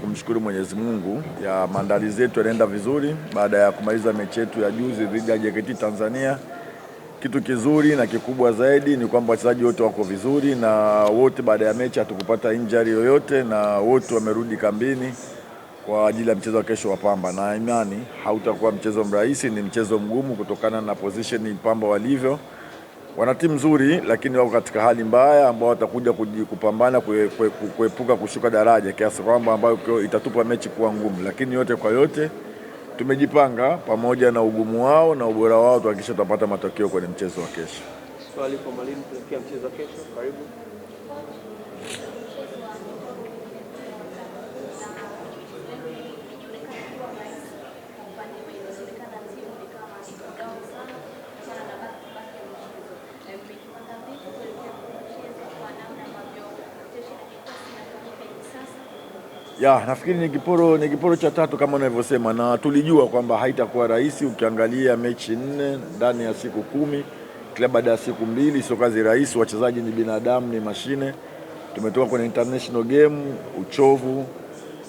kumshukuru Mwenyezi Mungu ya maandalizi yetu yanaenda vizuri baada ya kumaliza mechi yetu ya juzi dhidi ya JKT Tanzania. Kitu kizuri na kikubwa zaidi ni kwamba wachezaji wote wako vizuri na wote baada ya mechi hatukupata injury yoyote na wote wamerudi kambini kwa ajili ya mchezo wa kesho wa Pamba, na imani hautakuwa mchezo mrahisi, ni mchezo mgumu kutokana na position Pamba walivyo wana timu nzuri, lakini wako katika hali mbaya ambao watakuja kupambana kuepuka kushuka daraja, kiasi kwamba ambayo itatupa mechi kuwa ngumu. Lakini yote kwa yote tumejipanga pamoja na ugumu wao na ubora wao, tuhakikisha tutapata matokeo kwenye mchezo wa kesho. Swali kwa mwalimu mchezo wa kesho, karibu. Ya, nafikiri ni kiporo ni kiporo cha tatu kama unavyosema, na tulijua kwamba haitakuwa rahisi. Ukiangalia mechi nne ndani ya siku kumi, kila baada ya siku mbili, sio kazi rahisi. Wachezaji ni binadamu, ni mashine. Tumetoka kwenye international game, uchovu,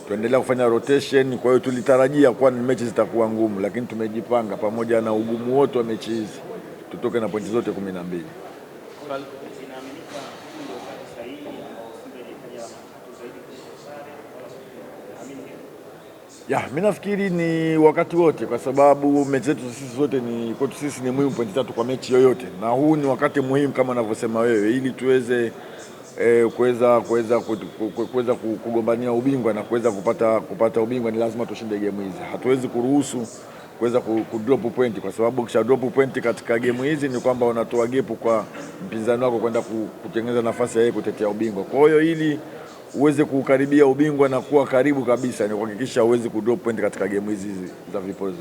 tuendelea kufanya rotation. Kwa hiyo tulitarajia kuwa mechi zitakuwa ngumu, lakini tumejipanga pamoja na ugumu wote wa mechi hizi tutoke na pointi zote kumi na mbili. Ya, mi nafikiri ni wakati wote, kwa sababu mechi zetu sisi zote ni kwetu sisi ni muhimu pointi tatu kwa mechi yoyote, na huu ni wakati muhimu kama unavyosema wewe, ili tuweze eh, kuweza kuweza kuweza kugombania ubingwa na kuweza kupata kupata ubingwa ni lazima tushinde gemu hizi. Hatuwezi kuruhusu kuweza kudrop point, kwa sababu kisha drop point katika gemu hizi ni kwamba unatoa gepu kwa mpinzani wako kwenda kutengeneza nafasi ya yeye kutetea ubingwa. Kwa hiyo ili uweze kuukaribia ubingwa na kuwa karibu kabisa, ni kuhakikisha uweze kudrop point katika gemu hizi za vipozo.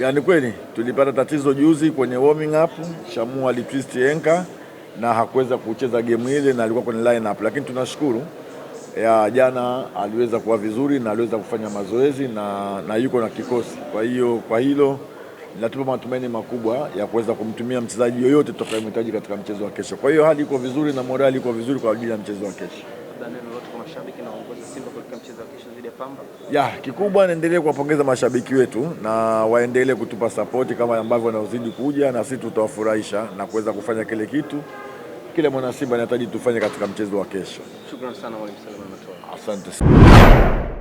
Yaani kweli tulipata tatizo juzi kwenye warming up, Shamu alitwist enka na hakuweza kucheza gemu ile na alikuwa kwenye lineup, lakini tunashukuru ya jana aliweza kuwa vizuri na aliweza kufanya mazoezi na, na yuko na kikosi. Kwa hiyo kwa hilo natupa matumaini makubwa ya kuweza kumtumia mchezaji yoyote tutakayemhitaji katika mchezo wa kesho. Kwa hiyo hali iko vizuri na morali iko vizuri kwa ajili ya mchezo wa kesho. Ya, kikubwa naendelee kuwapongeza mashabiki wetu na waendelee kutupa sapoti kama ambavyo wanaozidi kuja, na sisi tutawafurahisha na kuweza kufanya kile kitu kile mwanasimba anahitaji tufanye katika mchezo wa kesho. Shukrani sana mwalimu Salama Matola. Asante.